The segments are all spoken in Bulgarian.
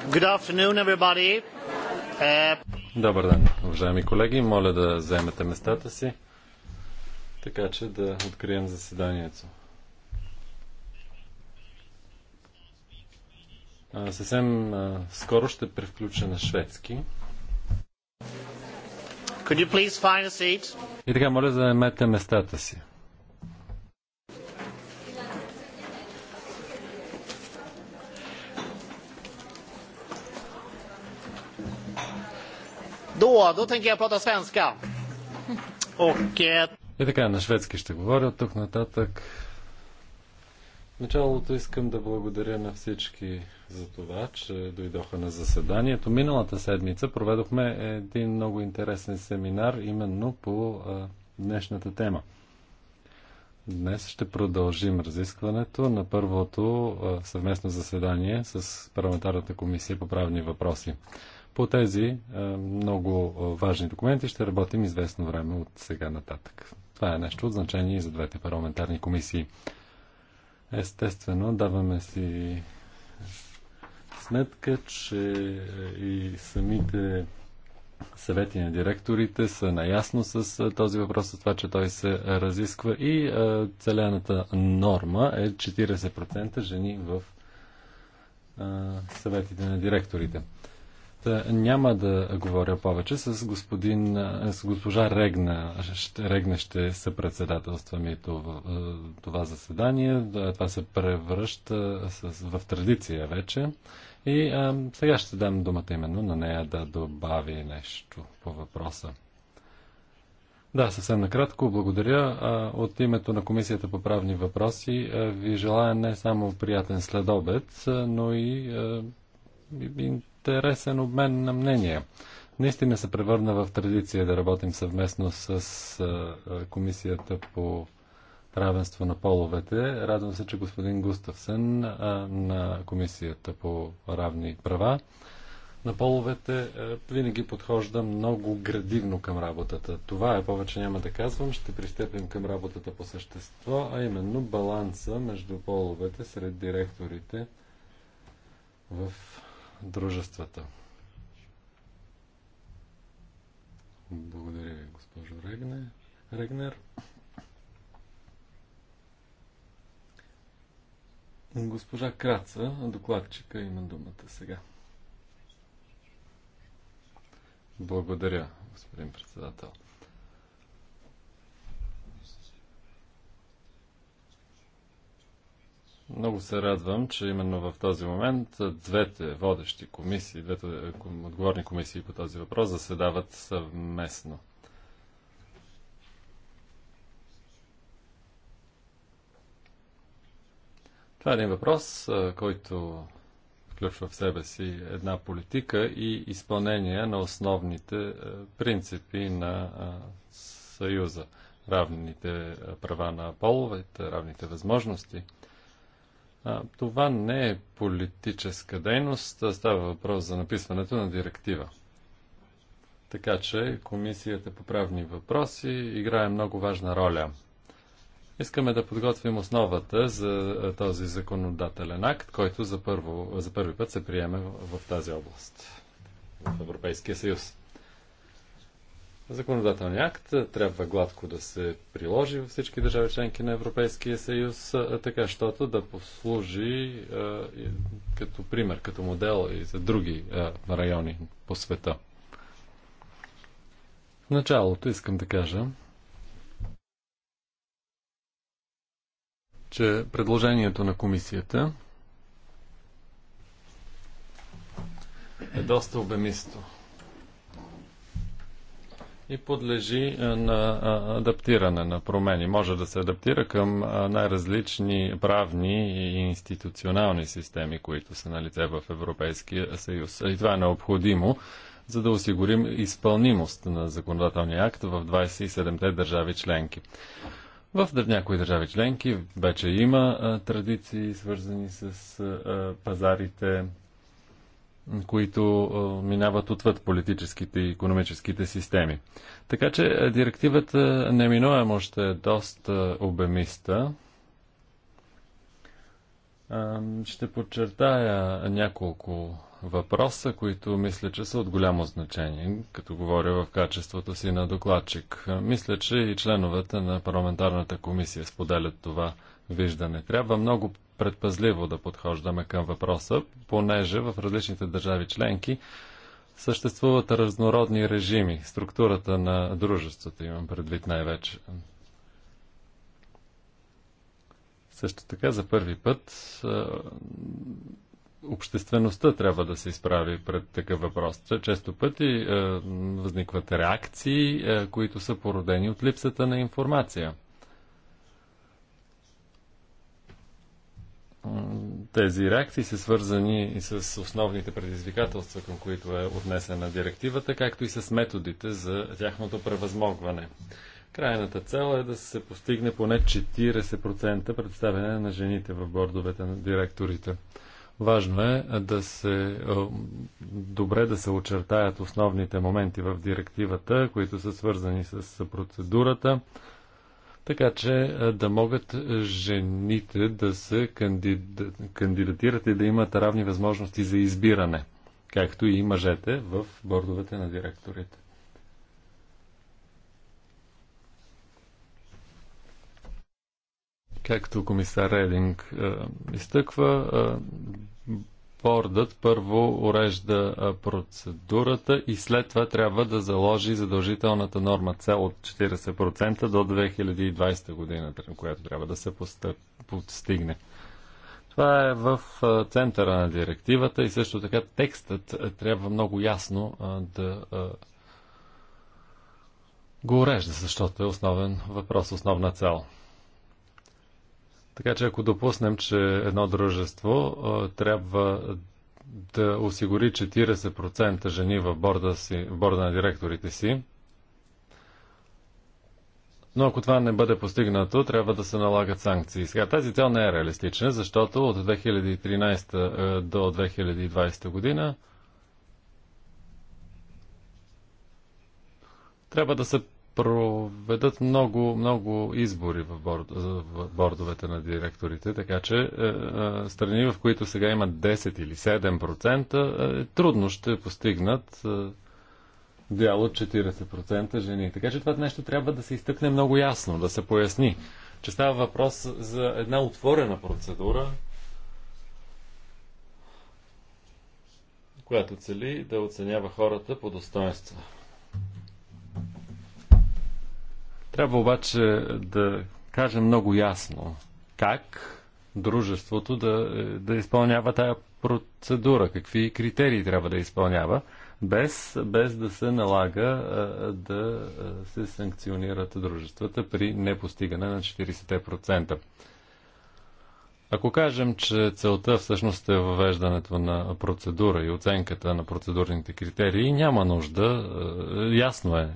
Uh, Добър ден, уважаеми колеги. Моля да вземете местата си, така че да открием заседанието. съвсем скоро ще превключа на шведски. И така, моля, заемете местата си. Då, då tänker jag prata svenska. Och... Eh, И така, на шведски ще говоря от тук нататък. В началото искам да благодаря на всички за това, че дойдоха на заседанието. Миналата седмица проведохме един много интересен семинар именно по а, днешната тема. Днес ще продължим разискването на първото а, съвместно заседание с Парламентарната комисия по правни въпроси. По тези е, много е, важни документи ще работим известно време от сега нататък. Това е нещо от значение и за двете парламентарни комисии. Естествено, даваме си сметка, че е, и самите съвети на директорите са наясно с този въпрос, с това, че той се разисква и целената норма е 40% жени в съветите на директорите няма да говоря повече с, господин, с госпожа Регна. Регна ще съпредседателства ми това, това заседание. Това се превръща с, в традиция вече. И а, сега ще дам думата именно на нея да добави нещо по въпроса. Да, съвсем накратко. Благодаря. От името на Комисията по правни въпроси ви желая не само приятен следобед, но и, и, и интересен обмен на мнения. Наистина се превърна в традиция да работим съвместно с Комисията по равенство на половете. Радвам се, че господин Густавсен на Комисията по равни права на половете винаги подхожда много градивно към работата. Това е повече няма да казвам. Ще пристъпим към работата по същество, а именно баланса между половете сред директорите в дружествата. Благодаря ви, госпожо Регне. Регнер. Госпожа Краца, докладчика, има думата сега. Благодаря, господин председател. Много се радвам, че именно в този момент двете водещи комисии, двете е, отговорни комисии по този въпрос заседават съвместно. Това е един въпрос, е, който включва в себе си една политика и изпълнение на основните е, принципи на Съюза. Равните права на половете, равните възможности – а, това не е политическа дейност, става въпрос за написването на директива. Така че Комисията по правни въпроси играе много важна роля. Искаме да подготвим основата за този законодателен акт, който за, първо, за първи път се приеме в тази област в Европейския съюз. Законодателният акт трябва гладко да се приложи във всички държави членки на Европейския съюз, така щото да послужи а, и, като пример, като модел и за други а, райони по света. В началото искам да кажа, че предложението на комисията е доста обемисто и подлежи е, на адаптиране, на промени. Може да се адаптира към най-различни правни и институционални системи, които са на лице в Европейския съюз. И това е необходимо, за да осигурим изпълнимост на законодателния акт в 27-те държави членки. В някои държави членки вече има традиции, свързани с пазарите, които минават отвъд политическите и економическите системи. Така че директивата неминуемо още е доста обемиста. Ще подчертая няколко въпроса, които мисля, че са от голямо значение, като говоря в качеството си на докладчик. Мисля, че и членовете на парламентарната комисия споделят това виждане. Трябва много предпазливо да подхождаме към въпроса, понеже в различните държави членки съществуват разнородни режими, структурата на дружеството имам предвид най-вече. Също така за първи път обществеността трябва да се изправи пред такъв въпрос. Често пъти възникват реакции, които са породени от липсата на информация – тези реакции са свързани и с основните предизвикателства, към които е отнесена директивата, както и с методите за тяхното превъзмогване. Крайната цел е да се постигне поне 40% представяне на жените в бордовете на директорите. Важно е да се е, добре да се очертаят основните моменти в директивата, които са свързани с процедурата, така че да могат жените да се кандидатират и да имат равни възможности за избиране, както и мъжете в бордовете на директорите. Както комисар Рединг изтъква, бордът първо урежда процедурата и след това трябва да заложи задължителната норма цел от 40% до 2020 година, която трябва да се постигне. Това е в центъра на директивата и също така текстът трябва много ясно да го урежда, защото е основен въпрос, основна цел. Така че ако допуснем, че едно дружество трябва да осигури 40% жени в борда, си, в борда на директорите си, но ако това не бъде постигнато, трябва да се налагат санкции. Сега тази цел не е реалистична, защото от 2013 е, до 2020 година трябва да се проведат много, много избори в, борд, в бордовете на директорите, така че е, е страни, в които сега имат 10 или 7%, е, трудно ще постигнат е, дял от 40% жени. Така че това нещо трябва да се изтъкне много ясно, да се поясни, че става въпрос за една отворена процедура, която цели да оценява хората по достоинство. Трябва обаче да кажем много ясно как дружеството да, да изпълнява тая процедура, какви критерии трябва да изпълнява, без, без да се налага да се санкционират дружествата при непостигане на 40%. Ако кажем, че целта всъщност е въвеждането на процедура и оценката на процедурните критерии, няма нужда, ясно е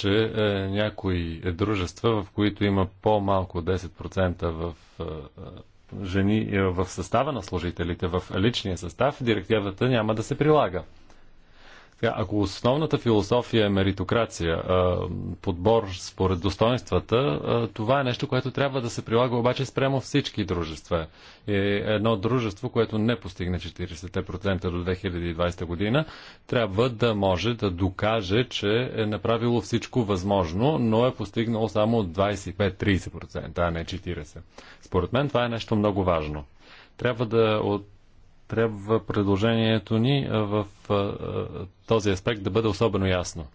че е, някои дружества, в които има по-малко 10% в е, е, жени е, в състава на служителите, в личния състав, директивата няма да се прилага ако основната философия е меритокрация, подбор според достоинствата, това е нещо, което трябва да се прилага обаче спрямо всички дружества. И едно дружество, което не постигне 40% до 2020 година, трябва да може да докаже, че е направило всичко възможно, но е постигнало само 25-30%, а не 40%. Според мен това е нещо много важно. Трябва да от трябва предложението ни в този аспект да бъде особено ясно.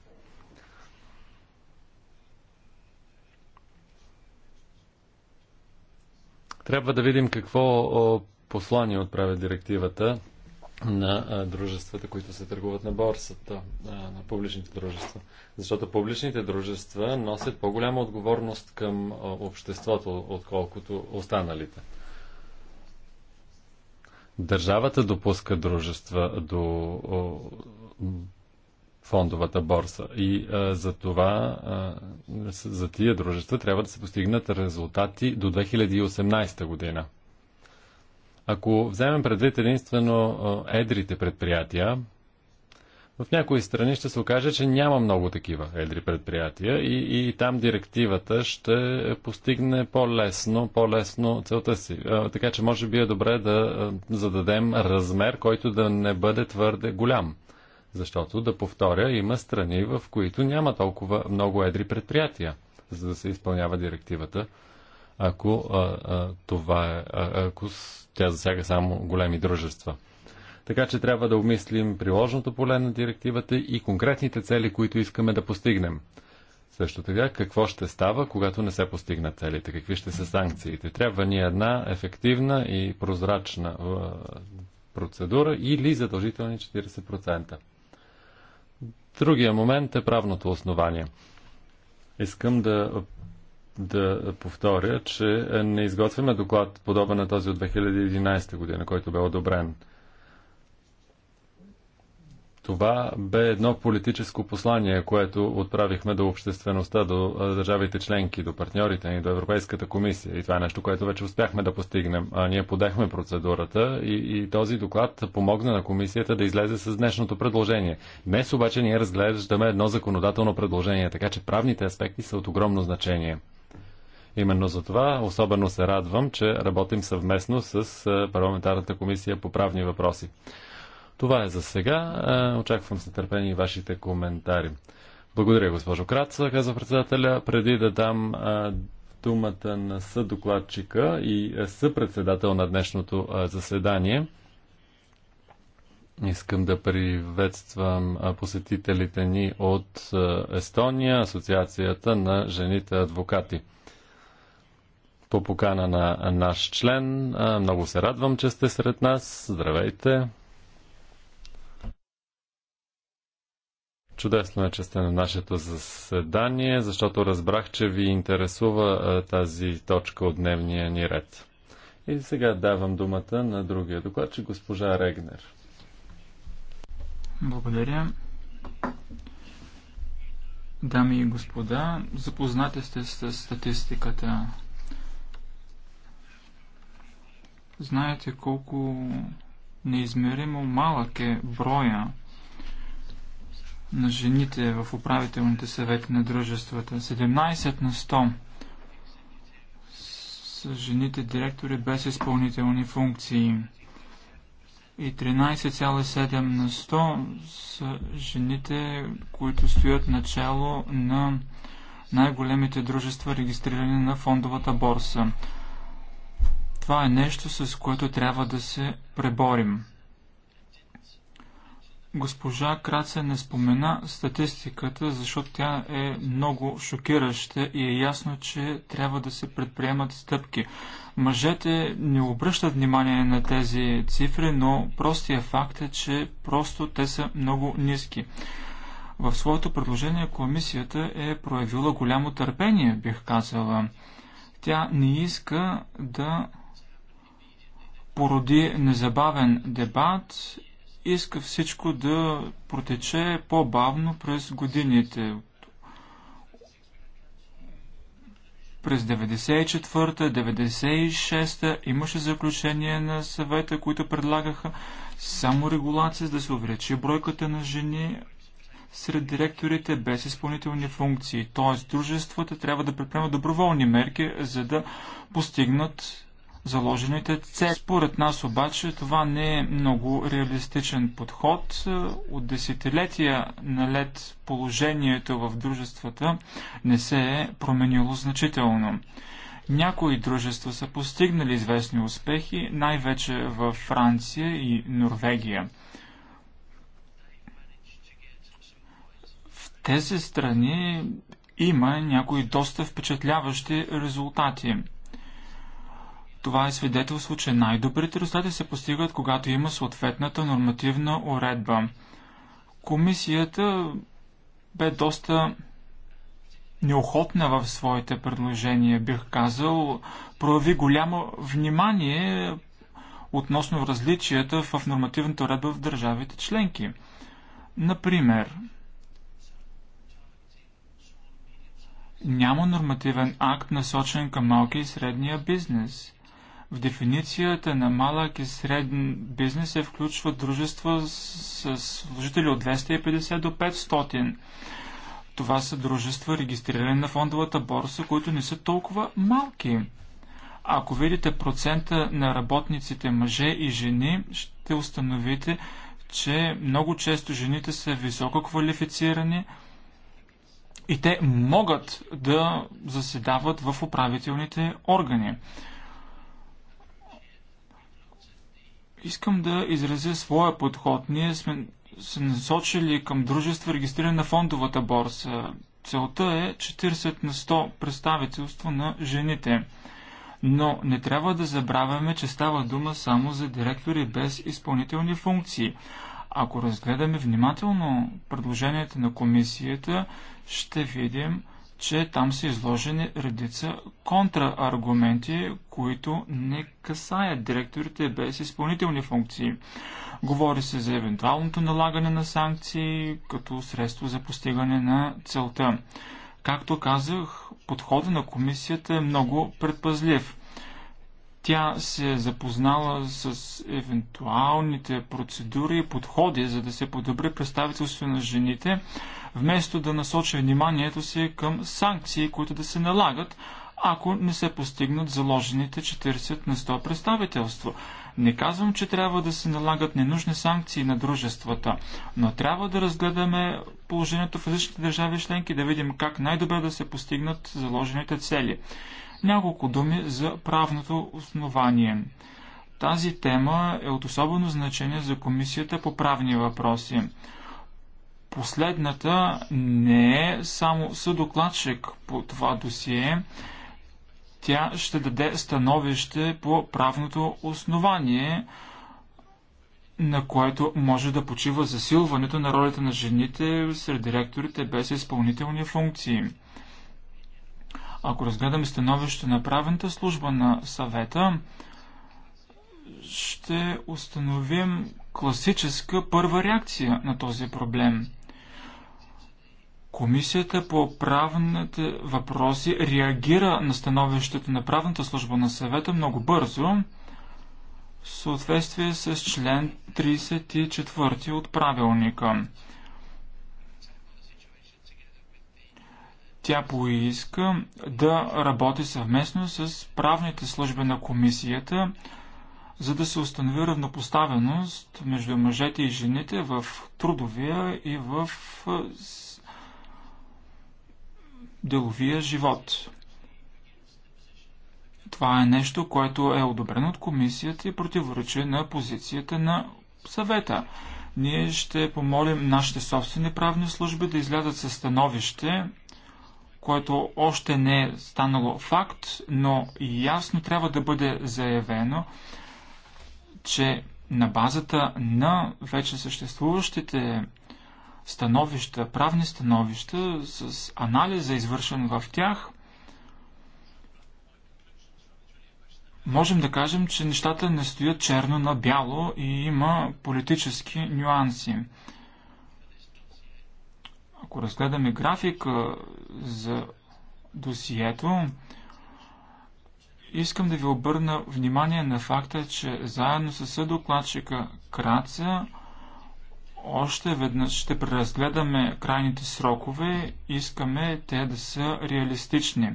Трябва да видим какво послание отправя директивата на дружествата, които се търгуват на борсата, на публичните дружества. Защото публичните дружества носят по-голяма отговорност към обществото, отколкото останалите държавата допуска дружества до фондовата борса. И а, за това, а, за тия дружества трябва да се постигнат резултати до 2018 година. Ако вземем предвид единствено едрите предприятия, в някои страни ще се окаже, че няма много такива едри предприятия и, и там директивата ще постигне по-лесно, по-лесно целта си. Така че може би е добре да зададем размер, който да не бъде твърде голям. Защото, да повторя, има страни, в които няма толкова много едри предприятия, за да се изпълнява директивата, ако, а, а, това е, а, ако тя засяга само големи дружества. Така че трябва да обмислим приложното поле на директивата и конкретните цели, които искаме да постигнем. Също така, какво ще става, когато не се постигнат целите? Какви ще са санкциите? Трябва ни една ефективна и прозрачна е, процедура или задължителни 40%. Другия момент е правното основание. Искам да, да повторя, че не изготвяме доклад подобен на този от 2011 година, който бе одобрен това бе едно политическо послание, което отправихме до обществеността, до държавите членки, до партньорите ни, до Европейската комисия. И това е нещо, което вече успяхме да постигнем. А ние подехме процедурата и, и този доклад помогна на комисията да излезе с днешното предложение. Днес обаче ние разглеждаме едно законодателно предложение, така че правните аспекти са от огромно значение. Именно за това особено се радвам, че работим съвместно с парламентарната комисия по правни въпроси. Това е за сега. Е, очаквам с нетърпение вашите коментари. Благодаря, госпожо Краца, каза председателя. Преди да дам е, думата на съдокладчика и е, съпредседател на днешното заседание, Искам да приветствам посетителите ни от Естония, Асоциацията на жените адвокати. По покана на наш член, много се радвам, че сте сред нас. Здравейте! Чудесно е, че сте на нашето заседание, защото разбрах, че ви интересува тази точка от дневния ни ред. И сега давам думата на другия доклад, че госпожа Регнер. Благодаря. Дами и господа, запознати сте с статистиката. Знаете колко неизмеримо малък е броя на жените в управителните съвети на дружествата. 17 на 100 са жените директори без изпълнителни функции и 13,7 на 100 са жените, които стоят начало на най-големите дружества, регистрирани на фондовата борса. Това е нещо, с което трябва да се преборим. Госпожа Краца не спомена статистиката, защото тя е много шокираща и е ясно, че трябва да се предприемат стъпки. Мъжете не обръщат внимание на тези цифри, но простия факт е, че просто те са много ниски. В своето предложение комисията е проявила голямо търпение, бих казала. Тя не иска да породи незабавен дебат иска всичко да протече по-бавно през годините. През 94-96 имаше заключение на съвета, които предлагаха само регулация, за да се увеличи бройката на жени сред директорите без изпълнителни функции. Т.е. дружествата трябва да предприемат доброволни мерки, за да постигнат заложените цели. Според нас обаче това не е много реалистичен подход. От десетилетия налет положението в дружествата не се е променило значително. Някои дружества са постигнали известни успехи, най-вече в Франция и Норвегия. В тези страни има някои доста впечатляващи резултати – това е свидетелство, че най-добрите резултати се постигат, когато има съответната нормативна уредба. Комисията бе доста неохотна в своите предложения, бих казал, прояви голямо внимание относно различията в нормативната уредба в държавите членки. Например, няма нормативен акт насочен към малки и средния бизнес. В дефиницията на малък и среден бизнес се включват дружества с служители от 250 до 500. Това са дружества, регистрирани на фондовата борса, които не са толкова малки. Ако видите процента на работниците мъже и жени, ще установите, че много често жените са високо квалифицирани и те могат да заседават в управителните органи. Искам да изразя своя подход. Ние сме се насочили към дружества, регистрирани на фондовата борса. Целта е 40 на 100 представителство на жените. Но не трябва да забравяме, че става дума само за директори без изпълнителни функции. Ако разгледаме внимателно предложенията на комисията, ще видим, че там са изложени редица контрааргументи, които не касаят директорите без изпълнителни функции. Говори се за евентуалното налагане на санкции като средство за постигане на целта. Както казах, подходът на комисията е много предпазлив. Тя се е запознала с евентуалните процедури и подходи, за да се подобри представителство на жените, вместо да насочи вниманието си към санкции, които да се налагат, ако не се постигнат заложените 40 на 100 представителство. Не казвам, че трябва да се налагат ненужни санкции на дружествата, но трябва да разгледаме положението в различните държави членки, да видим как най-добре да се постигнат заложените цели. Няколко думи за правното основание. Тази тема е от особено значение за Комисията по правни въпроси. Последната не е само съдокладчик по това досие. Тя ще даде становище по правното основание, на което може да почива засилването на ролята на жените сред директорите без изпълнителни функции. Ако разгледаме становище на правената служба на съвета, ще установим класическа първа реакция на този проблем. Комисията по правните въпроси реагира на становището на правната служба на съвета много бързо, в съответствие с член 34 от правилника. Тя поиска да работи съвместно с правните служби на комисията, за да се установи равнопоставеност между мъжете и жените в трудовия и в деловия живот. Това е нещо, което е одобрено от комисията и противоречи на позицията на съвета. Ние ще помолим нашите собствени правни служби да излядат със становище, което още не е станало факт, но ясно трябва да бъде заявено, че на базата на вече съществуващите становища, правни становища с анализа, извършен в тях, можем да кажем, че нещата не стоят черно на бяло и има политически нюанси. Ако разгледаме график за досието, искам да ви обърна внимание на факта, че заедно с съдокладчика Краца още веднъж ще преразгледаме крайните срокове. Искаме те да са реалистични.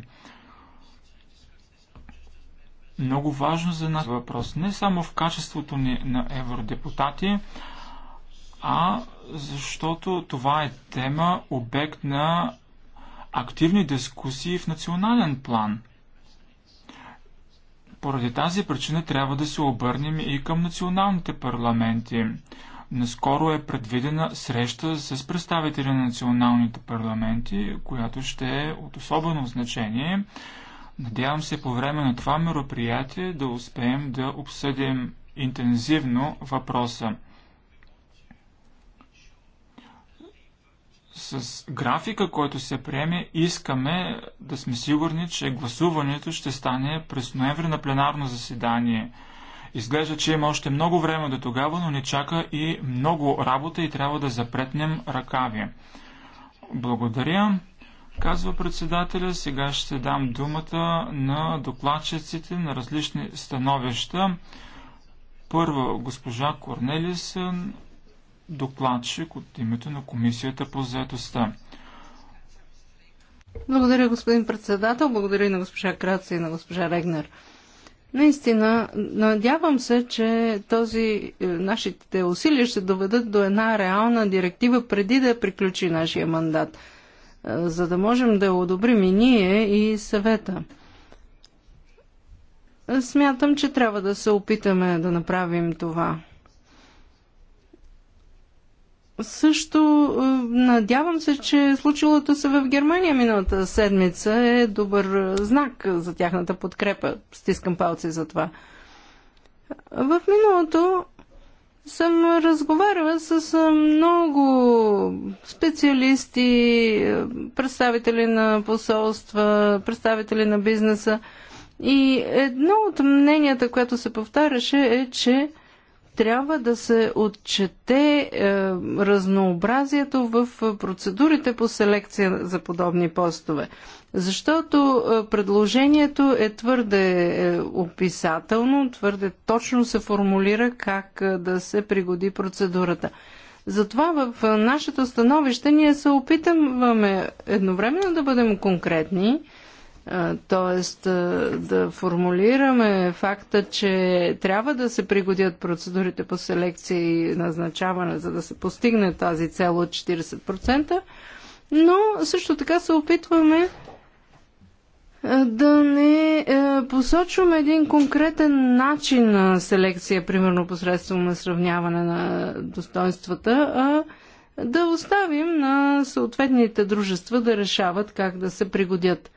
Много важно за нас е въпрос не само в качеството ни на евродепутати, а защото това е тема, обект на активни дискусии в национален план. Поради тази причина трябва да се обърнем и към националните парламенти. Наскоро е предвидена среща с представители на националните парламенти, която ще е от особено значение. Надявам се по време на това мероприятие да успеем да обсъдим интензивно въпроса. С графика, който се приеме, искаме да сме сигурни, че гласуването ще стане през ноември на пленарно заседание – Изглежда, че има още много време до тогава, но ни чака и много работа и трябва да запретнем ръкави. Благодаря, казва председателя. Сега ще дам думата на докладчиците на различни становища. Първа госпожа Корнелисън, докладчик от името на Комисията по заедостта. Благодаря, господин председател. Благодаря и на госпожа Краца и на госпожа Регнер. Наистина, надявам се, че този, е, нашите усилия ще доведат до една реална директива преди да приключи нашия мандат, е, за да можем да одобрим и ние и съвета. Смятам, че трябва да се опитаме да направим това. Също е, надявам се, че случилото се в Германия миналата седмица е добър знак за тяхната подкрепа. Стискам палци за това. В миналото съм разговаряла с е, много специалисти, е, представители на посолства, представители на бизнеса. И едно от мненията, което се повтаряше е, че трябва да се отчете е, разнообразието в процедурите по селекция за подобни постове. Защото е, предложението е твърде е, описателно, твърде точно се формулира как е, да се пригоди процедурата. Затова в е, нашето становище ние се опитаме едновременно да бъдем конкретни, Тоест да формулираме факта, че трябва да се пригодят процедурите по селекция и назначаване, за да се постигне тази цел от 40%, но също така се опитваме да не посочваме един конкретен начин на селекция, примерно посредством на сравняване на достоинствата, а да оставим на съответните дружества да решават как да се пригодят.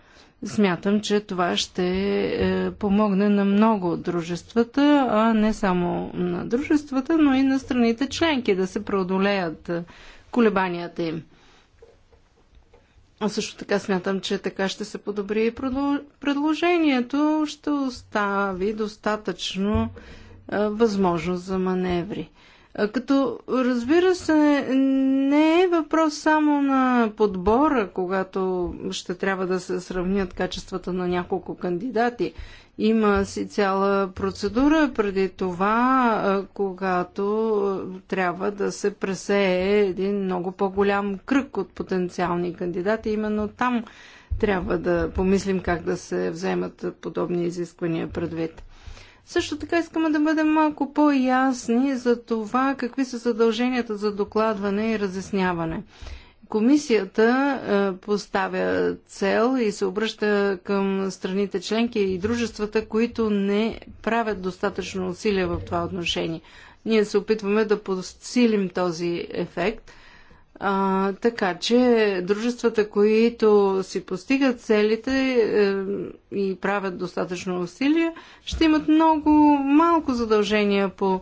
Смятам, че това ще е, помогне на много от дружествата, а не само на дружествата, но и на страните членки да се преодолеят е, колебанията им. А също така смятам, че така ще се подобри и предложението, ще остави достатъчно е, възможност за маневри. Като разбира се, не е въпрос само на подбора, когато ще трябва да се сравнят качествата на няколко кандидати. Има си цяла процедура преди това, когато трябва да се пресее един много по-голям кръг от потенциални кандидати. Именно там трябва да помислим как да се вземат подобни изисквания предвид. Също така искаме да бъдем малко по-ясни за това какви са задълженията за докладване и разясняване. Комисията е, поставя цел и се обръща към страните членки и дружествата, които не правят достатъчно усилия в това отношение. Ние се опитваме да подсилим този ефект – а, така че дружествата, които си постигат целите е, и правят достатъчно усилия, ще имат много малко задължения по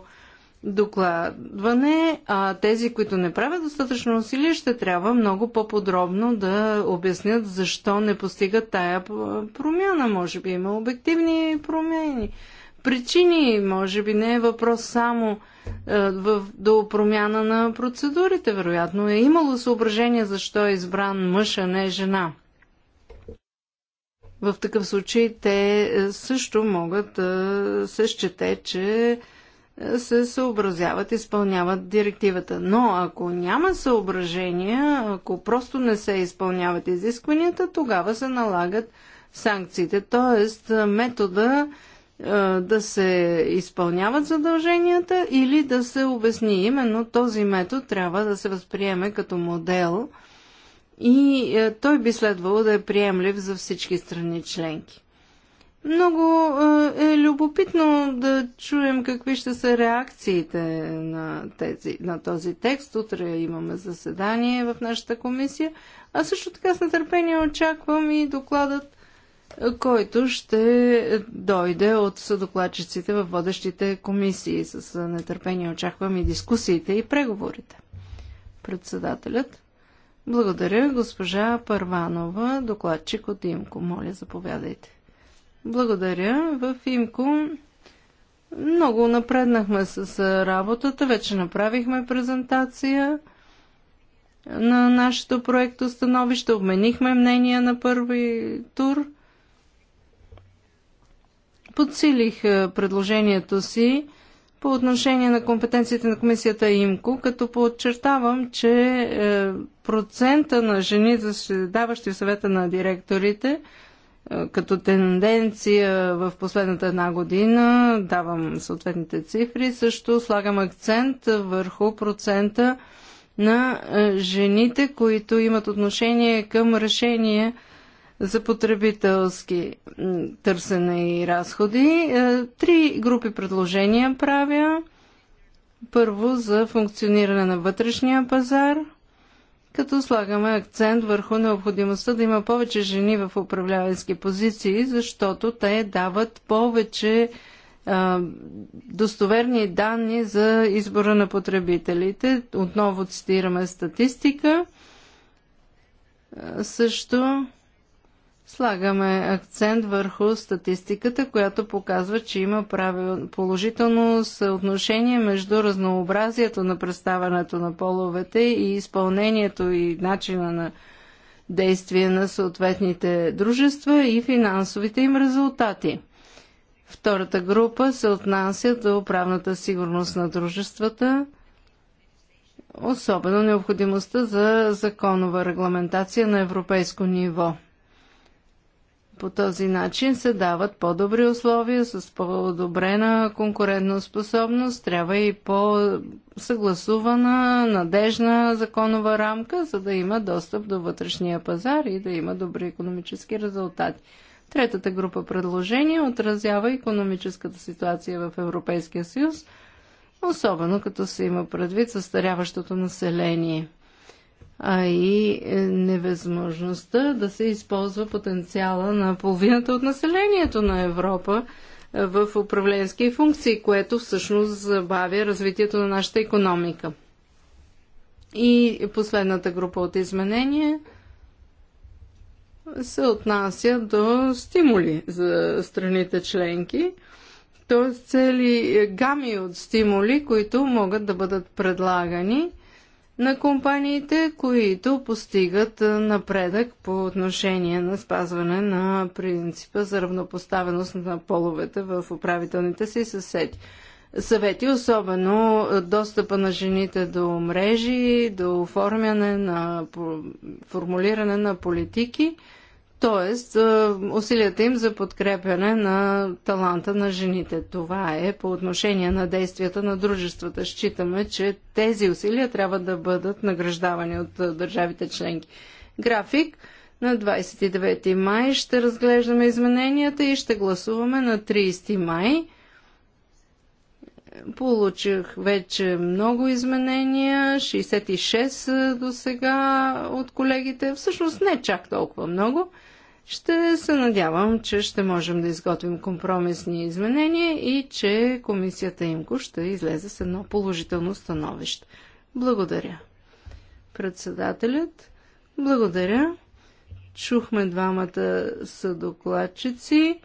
докладване, а тези, които не правят достатъчно усилия, ще трябва много по-подробно да обяснят защо не постигат тая промяна. Може би има обективни промени причини. Може би не е въпрос само е, в, до промяна на процедурите. Вероятно е имало съображение защо е избран мъж, а не жена. В такъв случай те е, също могат да е, се счете, че се съобразяват, изпълняват директивата. Но ако няма съображения, ако просто не се изпълняват изискванията, тогава се налагат санкциите. Тоест метода да се изпълняват задълженията или да се обясни. Именно този метод трябва да се възприеме като модел и той би следвало да е приемлив за всички страни членки. Много е любопитно да чуем какви ще са реакциите на, тези, на този текст. Утре имаме заседание в нашата комисия. А също така с нетърпение очаквам и докладът който ще дойде от съдокладчиците в водещите комисии. С нетърпение очаквам и дискусиите и преговорите. Председателят. Благодаря, госпожа Парванова, докладчик от ИМКО. Моля, заповядайте. Благодаря. В ИМКО много напреднахме с работата. Вече направихме презентация на нашето проекто становище. Обменихме мнение на първи тур – подсилих е, предложението си по отношение на компетенциите на комисията ИМКО, като подчертавам, че е, процента на жени, даващи в съвета на директорите, е, като тенденция в последната една година, давам съответните цифри, също слагам акцент върху процента на жените, които имат отношение към решение за потребителски търсене и разходи. Е, три групи предложения правя. Първо за функциониране на вътрешния пазар, като слагаме акцент върху необходимостта да има повече жени в управляващи позиции, защото те дават повече е, достоверни данни за избора на потребителите. Отново цитираме статистика. Е, също Слагаме акцент върху статистиката, която показва, че има положително съотношение между разнообразието на представането на половете и изпълнението и начина на действие на съответните дружества и финансовите им резултати. Втората група се отнася до правната сигурност на дружествата, особено необходимостта за законова регламентация на европейско ниво. По този начин се дават по-добри условия с по-одобрена конкурентоспособност. Трябва и по-съгласувана, надежна законова рамка, за да има достъп до вътрешния пазар и да има добри економически резултати. Третата група предложения отразява економическата ситуация в Европейския съюз, особено като се има предвид състаряващото население – а и е, невъзможността да се използва потенциала на половината от населението на Европа е, в управленски функции, което всъщност забавя развитието на нашата економика. И последната група от изменения се отнася до стимули за страните членки, т.е. цели гами от стимули, които могат да бъдат предлагани – на компаниите, които постигат напредък по отношение на спазване на принципа за равнопоставеност на половете в управителните си съседи. Съвети, особено достъпа на жените до мрежи, до оформяне на формулиране на политики – Тоест, усилията им за подкрепяне на таланта на жените. Това е по отношение на действията на дружествата. Считаме, че тези усилия трябва да бъдат награждавани от държавите членки. График на 29 май ще разглеждаме измененията и ще гласуваме на 30 май. Получих вече много изменения, 66 до сега от колегите, всъщност не чак толкова много. Ще се надявам, че ще можем да изготвим компромисни изменения и че комисията имко ще излезе с едно положително становище. Благодаря. Председателят, благодаря. Чухме двамата съдокладчици,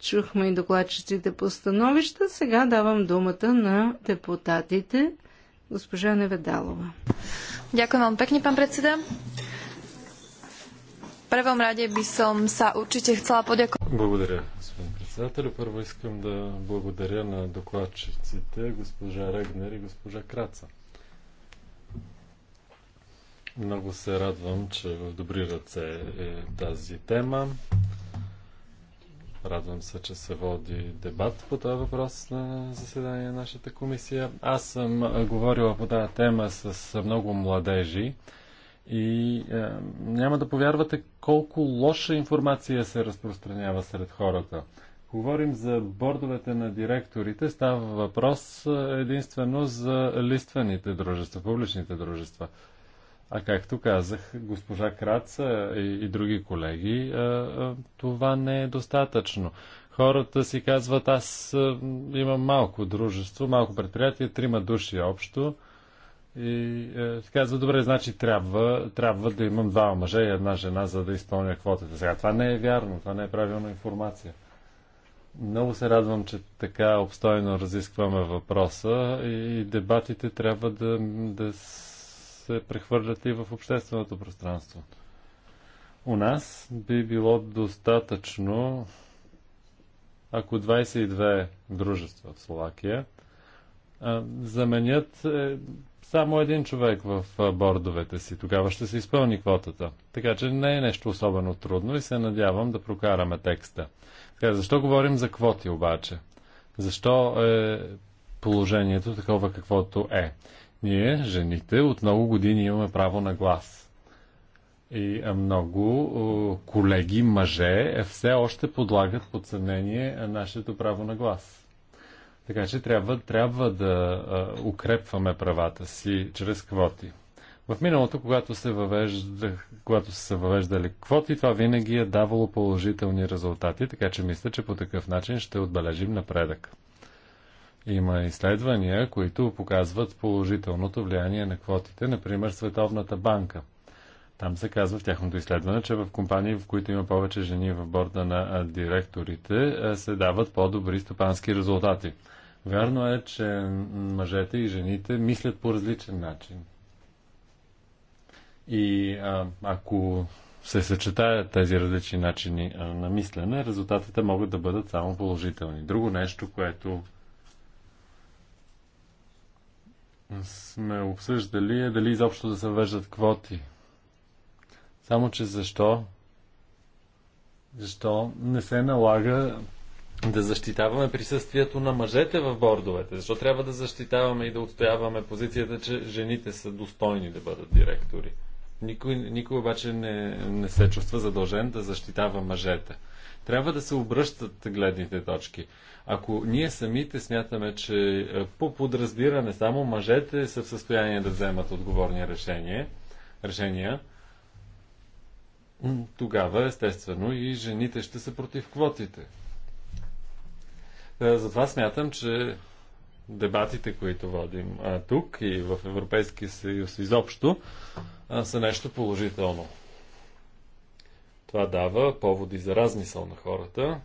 чухме и докладчиците по становища. Сега давам думата на депутатите. Госпожа Неведалова. Дякую вам пекни, пан председател. Първом раде би съм са учите chcela подяко... Благодаря, господин председател. Първо искам да благодаря на докладчиците, госпожа Регнер и госпожа Краца. Много се радвам, че в добри ръце е тази тема. Радвам се, че се води дебат по този въпрос на заседание на нашата комисия. Аз съм говорила по тази тема с много младежи и е, няма да повярвате колко лоша информация се разпространява сред хората. Говорим за бордовете на директорите. Става въпрос е, единствено за листваните дружества, публичните дружества. А както казах, госпожа Краца и, и други колеги, е, е, това не е достатъчно. Хората си казват, аз е, имам малко дружество, малко предприятие, трима души общо и е, казва, добре, значи трябва, трябва да имам два мъже и една жена, за да изпълня квотата. Сега това не е вярно, това не е правилна информация. Много се радвам, че така обстойно разискваме въпроса и дебатите трябва да, да се прехвърлят и в общественото пространство. У нас би било достатъчно, ако 22 дружества в Словакия заменят е, само един човек в бордовете си. Тогава ще се изпълни квотата. Така че не е нещо особено трудно и се надявам да прокараме текста. Така, защо говорим за квоти обаче? Защо е положението такова каквото е? Ние, жените, от много години имаме право на глас. И много колеги, мъже, е, все още подлагат под съмнение нашето право на глас. Така че трябва, трябва да а, укрепваме правата си чрез квоти. В миналото, когато се, въвежда, когато се въвеждали квоти, това винаги е давало положителни резултати, така че мисля, че по такъв начин ще отбележим напредък. Има изследвания, които показват положителното влияние на квотите, например Световната банка. Там се казва в тяхното изследване, че в компании, в които има повече жени в борда на директорите, се дават по-добри стопански резултати. Вярно е, че мъжете и жените мислят по различен начин. И а, ако се съчетаят тези различни начини на мислене, резултатите могат да бъдат само положителни. Друго нещо, което сме обсъждали е дали изобщо да се въвеждат квоти. Само, че защо? Защо не се налага да защитаваме присъствието на мъжете в бордовете? Защо трябва да защитаваме и да отстояваме позицията, че жените са достойни да бъдат директори? Никой, никой обаче не, не се чувства задължен да защитава мъжете. Трябва да се обръщат гледните точки. Ако ние самите смятаме, че е, по подразбиране само мъжете са в състояние да вземат отговорни решения, решения тогава естествено и жените ще са против квотите. Е, затова смятам, че дебатите, които водим а, е, тук и в Европейския съюз изобщо, а, е, са нещо положително. Това дава поводи за размисъл на хората,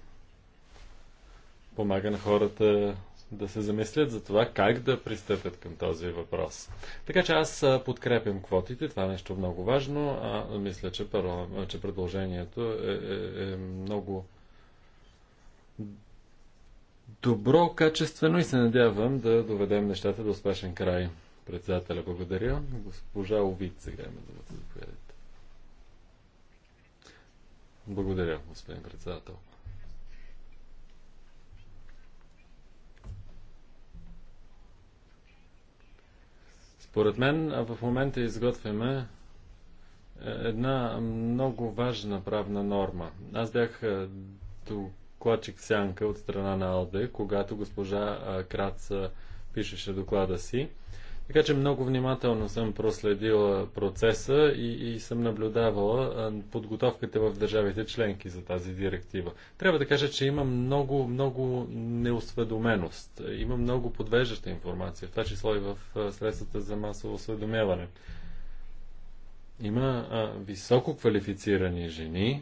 помага на хората да се замислят за това как да пристъпят към този въпрос. Така че аз подкрепям квотите, това е нещо много важно, а мисля, че, първо, че предложението е, е, е много добро, качествено и се надявам да доведем нещата до успешен край. Председателя, благодаря. Госпожа Овид сега има думата. Да Заповядайте. Благодаря, господин председател. Според мен в момента изготвяме е, една много важна правна норма. Аз бях тук е, докладчик Сянка от страна на Алде, когато госпожа Крац пишеше доклада си. Така че много внимателно съм проследила процеса и, и съм наблюдавала подготовката в държавите членки за тази директива. Трябва да кажа, че има много, много неосведоменост. Има много подвеждаща информация, в това число и в средствата за масово осведомяване. Има а, високо квалифицирани жени,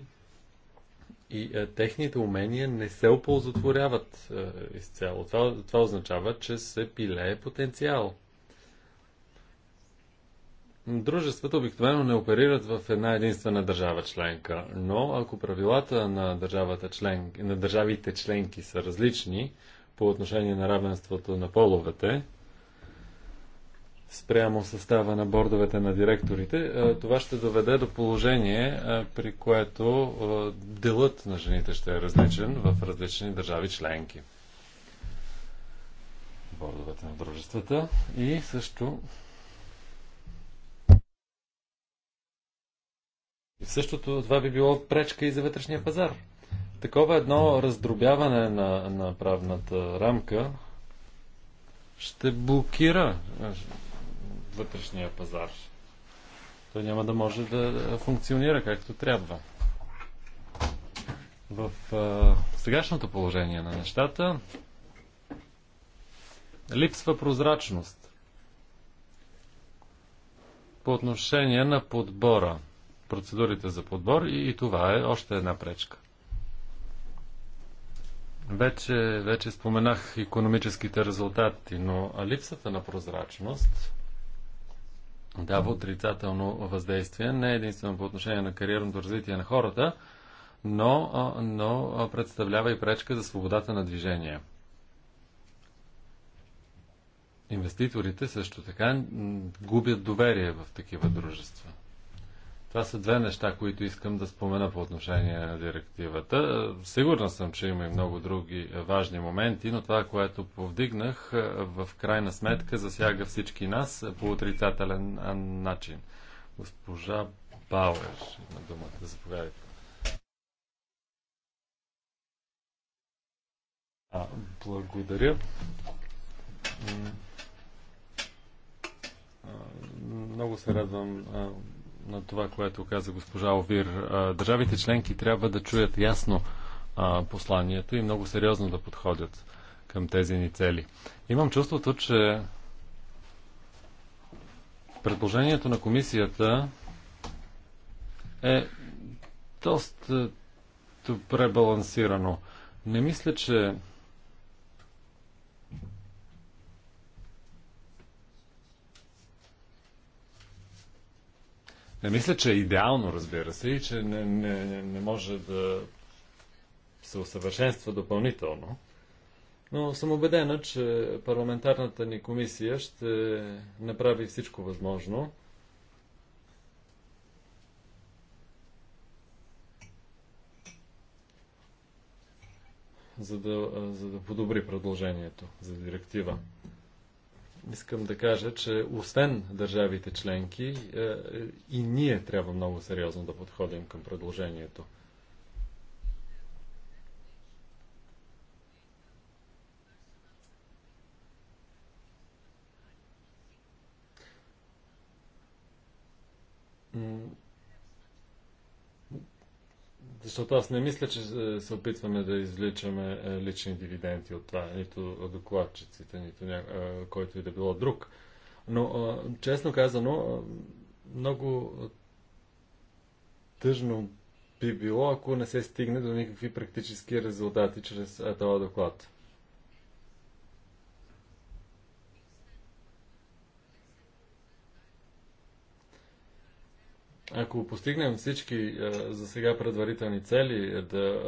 и а, е, техните умения не се оползотворяват а, е, изцяло. Това, това означава, че се пилее потенциал. Дружествата обикновено не оперират в една единствена държава членка, но ако правилата на, държавата член, на държавите членки са различни по отношение на равенството на половете, спрямо състава на бордовете на директорите, това ще доведе до положение, при което делът на жените ще е различен в различни държави членки. Бордовете на дружествата и също И същото това би било пречка и за вътрешния пазар. Такова едно раздробяване на, на правната рамка ще блокира вътрешния пазар. Той няма да може да функционира както трябва. В а, сегашното положение на нещата липсва прозрачност по отношение на подбора, процедурите за подбор и, и това е още една пречка. Вече, вече споменах економическите резултати, но липсата на прозрачност дава отрицателно въздействие, не единствено по отношение на кариерното развитие на хората, но, но представлява и пречка за свободата на движение. Инвеститорите също така губят доверие в такива дружества. Това са две неща, които искам да спомена по отношение на директивата. Сигурна съм, че има и много други важни моменти, но това, което повдигнах, в крайна сметка засяга всички нас по отрицателен начин. Госпожа Бауер има думата. Заповядайте. А, благодаря. Много се радвам на това, което каза госпожа Овир. Държавите членки трябва да чуят ясно посланието и много сериозно да подходят към тези ни цели. Имам чувството, че предложението на комисията е доста добре балансирано. Не мисля, че Не мисля, че е идеално, разбира се, и че не, не, не може да се усъвършенства допълнително. Но съм убедена, че парламентарната ни комисия ще направи всичко възможно. За да, за да подобри предложението за директива искам да кажа, че освен държавите членки, е, и ние трябва много сериозно да подходим към предложението. Защото аз не мисля, че е, се опитваме да изличаме е, лични дивиденти от това, нито докладчиците, нито ня... Е, който и да било друг. Но, честно казано, много тъжно би било, ако не се стигне до никакви практически резултати чрез този доклад. Ако постигнем всички е, за сега предварителни цели, е, да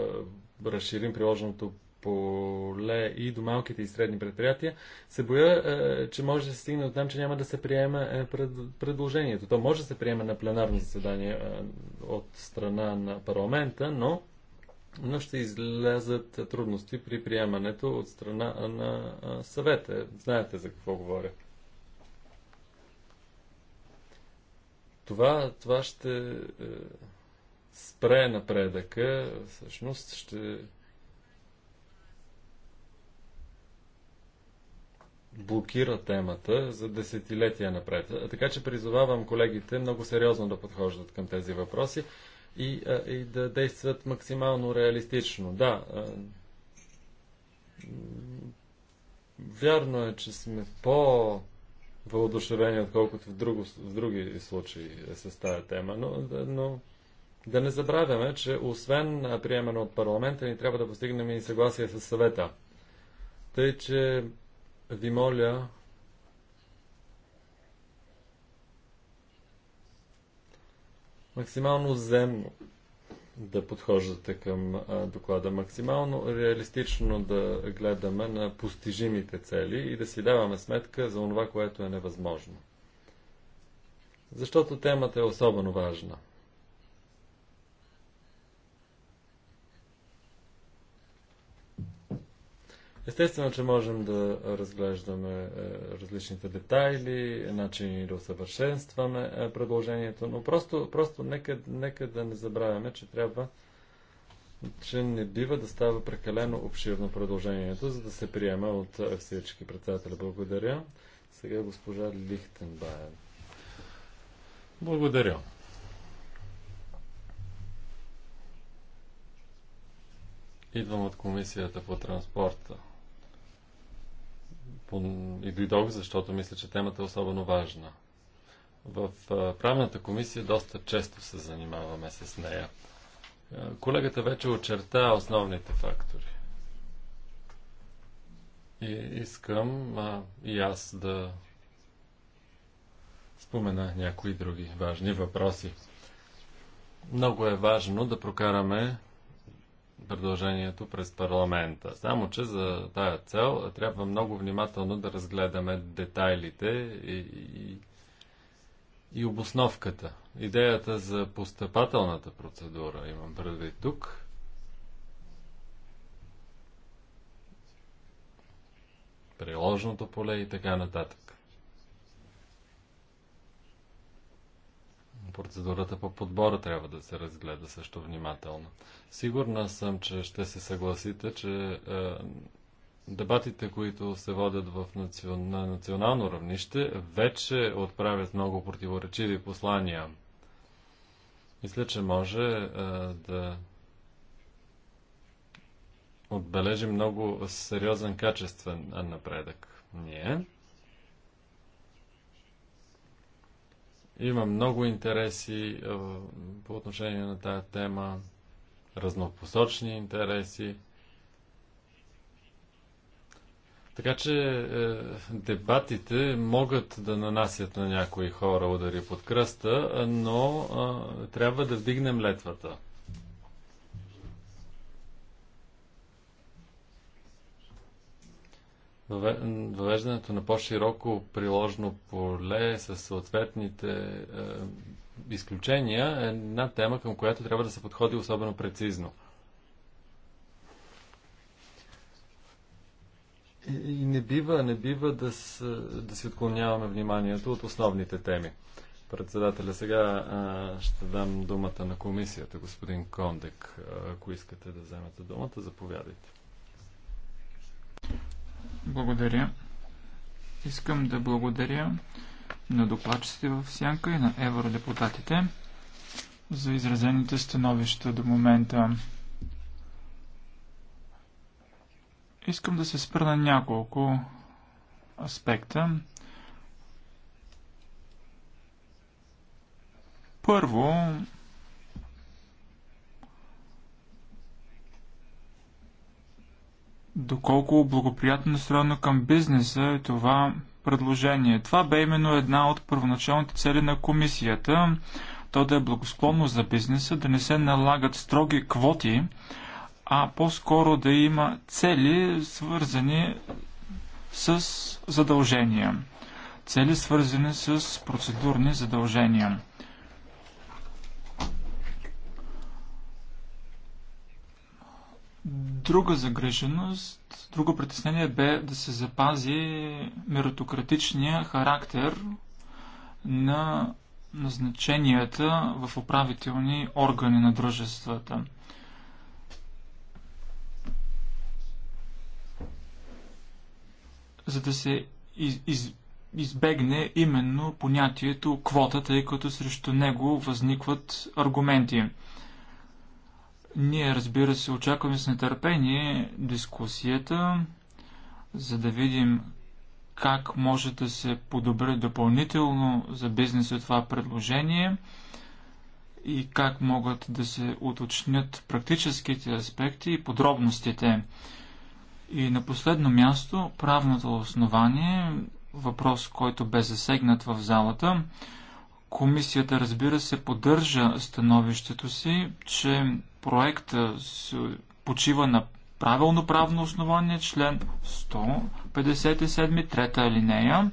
е, разширим приложеното поле и до малките и средни предприятия, се боя, че може да се стигне от там, че няма да се приеме предложението. То може да се приеме на пленарно заседание от страна на парламента, но, но ще излязат трудности при приемането от страна на съвета. Знаете за какво говоря. Това, това ще е, спре напредъка, всъщност ще блокира темата за десетилетия напред. Така че призовавам колегите много сериозно да подхождат към тези въпроси и, и да действат максимално реалистично. Да, вярно е, че сме по- въодушевени, отколкото в, друго, в други случаи с тази тема. Но, но да не забравяме, че освен приемане от парламента, ни трябва да постигнем и съгласие с съвета. Тъй, че ви моля максимално земно да подхождате към доклада. Максимално реалистично да гледаме на постижимите цели и да си даваме сметка за това, което е невъзможно. Защото темата е особено важна. Естествено, че можем да разглеждаме е, различните детайли, начини да усъвършенстваме е, предложението, но просто, просто нека, нека да не забравяме, че трябва че не бива да става прекалено обширно предложението, за да се приема от е, всички председатели. Благодаря. Сега госпожа Лихтенбайер. Благодаря. Идвам от комисията по транспорта и дойдох, защото мисля, че темата е особено важна. В правната комисия доста често се занимаваме с нея. Колегата вече очерта основните фактори. И искам а, и аз да спомена някои други важни въпроси. Много е важно да прокараме предложението през парламента. Само, че за тая цел трябва много внимателно да разгледаме детайлите и, и, и обосновката. Идеята за постъпателната процедура имам предвид тук. Приложното поле и така нататък. процедурата по подбора трябва да се разгледа също внимателно. Сигурна съм, че ще се съгласите, че е, дебатите, които се водят в национ... на национално равнище, вече отправят много противоречиви послания. Мисля, че може е, да отбележим много сериозен качествен напредък. Ние Има много интереси по отношение на тая тема, разнопосочни интереси. Така че е, дебатите могат да нанасят на някои хора удари под кръста, но е, трябва да вдигнем летвата. въвеждането на по-широко приложно поле с съответните е, изключения е една тема, към която трябва да се подходи особено прецизно. И не бива, не бива да, с, да си отклоняваме вниманието от основните теми. Председателя, сега а, ще дам думата на комисията, господин Кондек. Ако искате да вземете думата, заповядайте. Благодаря. Искам да благодаря на докладчите в Сянка и на евродепутатите за изразените становища до момента. Искам да се спра на няколко аспекта. Първо, доколко благоприятно е настроено към бизнеса е това предложение. Това бе именно една от първоначалните цели на комисията. То да е благосклонно за бизнеса, да не се налагат строги квоти, а по-скоро да има цели, свързани с задължения. Цели, свързани с процедурни задължения. Друга загриженост, друго притеснение бе да се запази меритократичния характер на назначенията в управителни органи на дружествата. За да се из, из, избегне именно понятието квота, тъй като срещу него възникват аргументи – ние, разбира се, очакваме с нетърпение дискусията, за да видим как може да се подобри допълнително за бизнеса това предложение и как могат да се уточнят практическите аспекти и подробностите. И на последно място, правното основание, въпрос, който бе засегнат в залата. Комисията, разбира се, поддържа становището си, че се почива на правилно правно основание, член 157, трета алинея,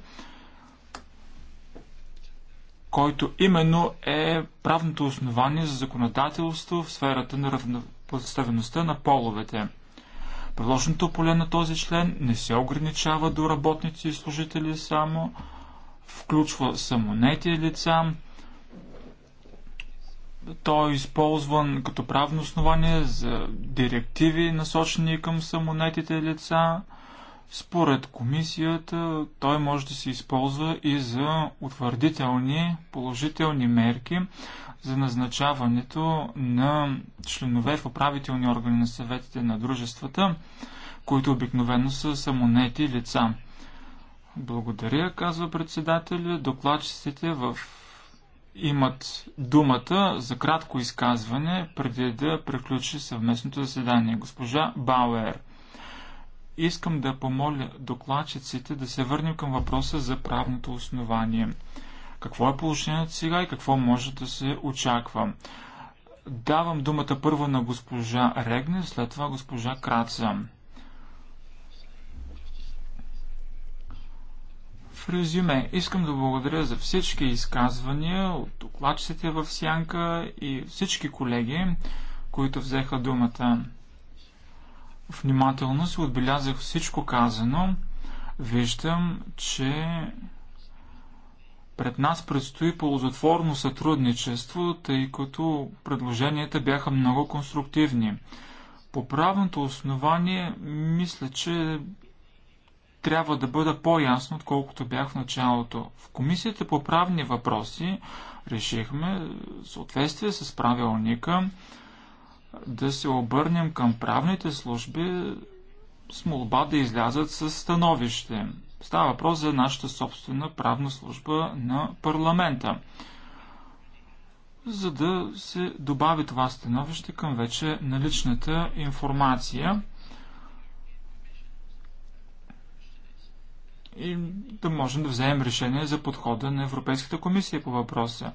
който именно е правното основание за законодателство в сферата на равнопоставеността на половете. Предложеното поле на този член не се ограничава до работници и служители само, включва самонети лица, той е използван като правно основание за директиви, насочени към самонетите лица. Според комисията, той може да се използва и за утвърдителни, положителни мерки за назначаването на членове в управителни органи на съветите на дружествата, които обикновено са самонети лица. Благодаря, казва председателя. Докладчиците в имат думата за кратко изказване преди да приключи съвместното заседание. Госпожа Бауер, искам да помоля докладчиците да се върнем към въпроса за правното основание. Какво е положението сега и какво може да се очаква? Давам думата първо на госпожа Регне, след това госпожа Краца. В резюме, искам да благодаря за всички изказвания от докладчиците в Сянка и всички колеги, които взеха думата. Внимателно се отбелязах всичко казано. Виждам, че пред нас предстои ползотворно сътрудничество, тъй като предложенията бяха много конструктивни. По правното основание мисля, че трябва да бъда по-ясно, отколкото бях в началото. В Комисията по правни въпроси решихме, в съответствие с правилника, да се обърнем към правните служби с молба да излязат с становище. Става въпрос за нашата собствена правна служба на парламента, за да се добави това становище към вече наличната информация. и да можем да вземем решение за подхода на Европейската комисия по въпроса.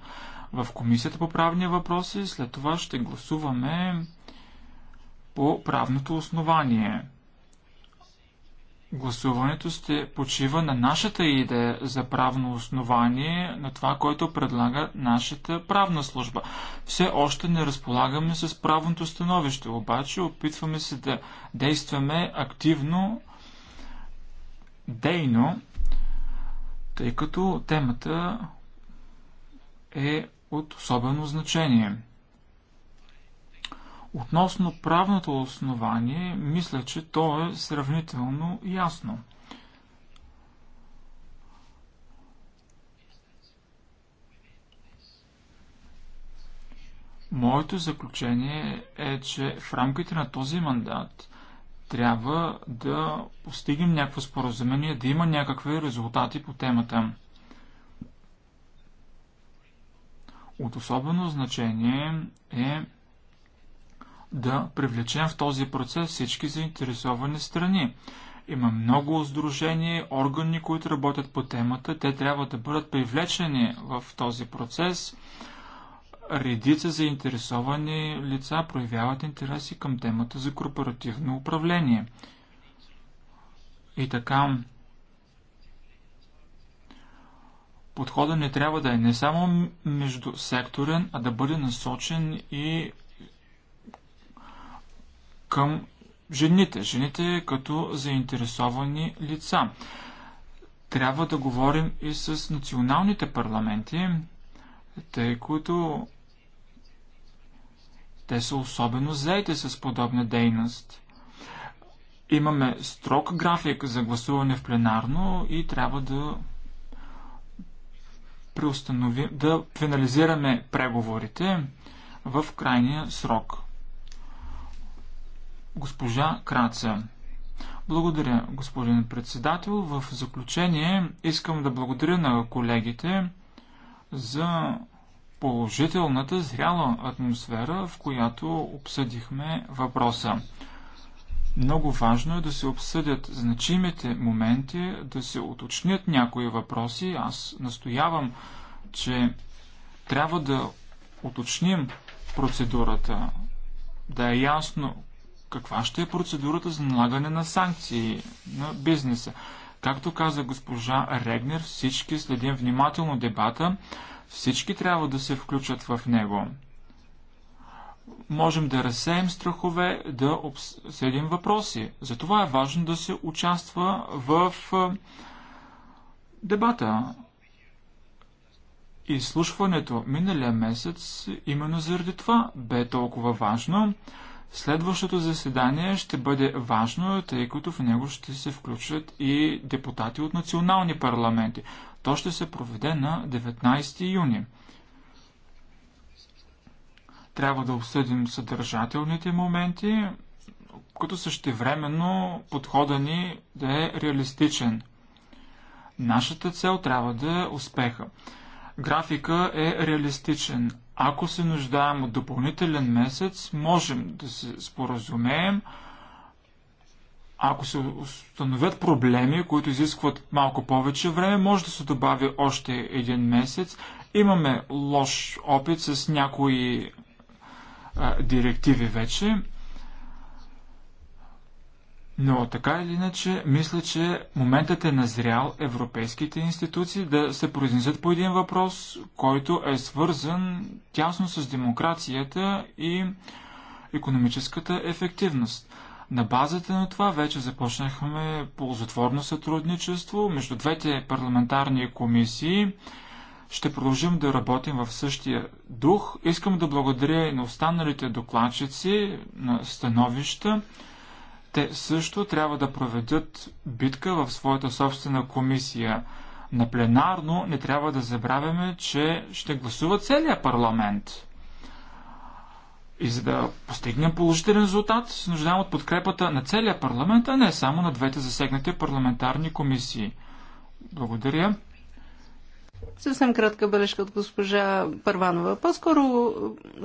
В комисията по правни въпроси след това ще гласуваме по правното основание. Гласуването ще почива на нашата идея за правно основание, на това, което предлага нашата правна служба. Все още не разполагаме с правното становище, обаче опитваме се да действаме активно идейно, тъй като темата е от особено значение. Относно правното основание, мисля, че то е сравнително ясно. Моето заключение е, че в рамките на този мандат трябва да постигнем някакво споразумение, да има някакви резултати по темата. От особено значение е да привлечем в този процес всички заинтересовани страни. Има много сдружения, органи, които работят по темата. Те трябва да бъдат привлечени в този процес редица заинтересовани лица проявяват интереси към темата за корпоративно управление. И така, Подхода не трябва да е не само междусекторен, а да бъде насочен и към жените. Жените като заинтересовани лица. Трябва да говорим и с националните парламенти, тъй като те са особено заети с подобна дейност. Имаме строг график за гласуване в пленарно и трябва да преустановим, да финализираме преговорите в крайния срок. Госпожа Краца. Благодаря, господин председател. В заключение искам да благодаря на колегите за положителната, зряла атмосфера, в която обсъдихме въпроса. Много важно е да се обсъдят значимите моменти, да се уточнят някои въпроси. Аз настоявам, че трябва да уточним процедурата, да е ясно каква ще е процедурата за налагане на санкции на бизнеса. Както каза госпожа Регнер, всички следим внимателно дебата. Всички трябва да се включат в него. Можем да разсеем страхове, да обсъдим въпроси. Затова е важно да се участва в дебата. Изслушването миналия месец именно заради това бе толкова важно. Следващото заседание ще бъде важно, тъй като в него ще се включат и депутати от национални парламенти. То ще се проведе на 19 юни. Трябва да обсъдим съдържателните моменти, като същевременно подхода ни да е реалистичен. Нашата цел трябва да е успеха. Графика е реалистичен. Ако се нуждаем от допълнителен месец, можем да се споразумеем, ако се установят проблеми, които изискват малко повече време, може да се добави още един месец. Имаме лош опит с някои а, директиви вече. Но така или иначе, мисля, че моментът е назрял европейските институции да се произнесат по един въпрос, който е свързан тясно с демокрацията и економическата ефективност. На базата на това вече започнахме ползотворно сътрудничество между двете парламентарни комисии. Ще продължим да работим в същия дух. Искам да благодаря и на останалите докладчици на становища. Те също трябва да проведат битка в своята собствена комисия. На пленарно не трябва да забравяме, че ще гласува целият парламент. И за да постигнем положителен резултат, се нуждаем от подкрепата на целия парламент, а не само на двете засегнати парламентарни комисии. Благодаря. Съвсем кратка бележка от госпожа Първанова. По-скоро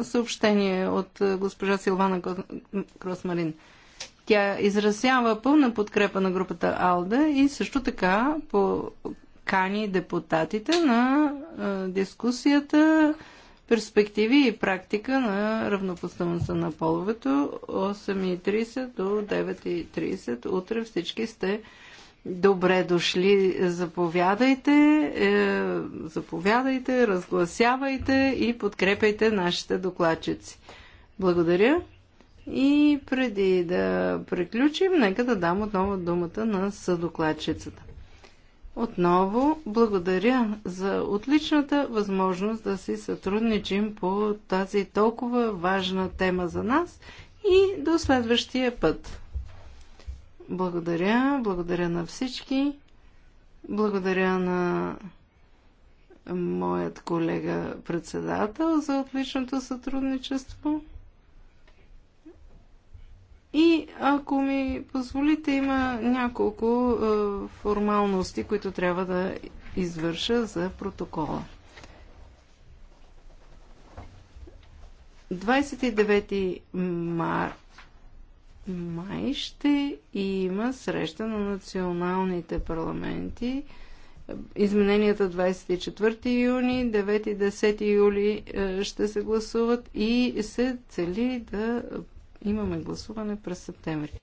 съобщение от госпожа Силвана Кросмарин. Тя изразява пълна подкрепа на групата АЛДА и също така по кани депутатите на дискусията перспективи и практика на равнопоставеността на половето 8.30 до 9.30. Утре всички сте добре дошли. Заповядайте, е, заповядайте, разгласявайте и подкрепяйте нашите докладчици. Благодаря. И преди да приключим, нека да дам отново думата на съдокладчицата. Отново благодаря за отличната възможност да си сътрудничим по тази толкова важна тема за нас и до следващия път. Благодаря, благодаря на всички, благодаря на моят колега председател за отличното сътрудничество. И ако ми позволите, има няколко е, формалности, които трябва да извърша за протокола. 29 мар... май ще има среща на националните парламенти. Измененията 24 юни, 9 и 10 юли е, ще се гласуват и се цели да Имаме гласуване през септември.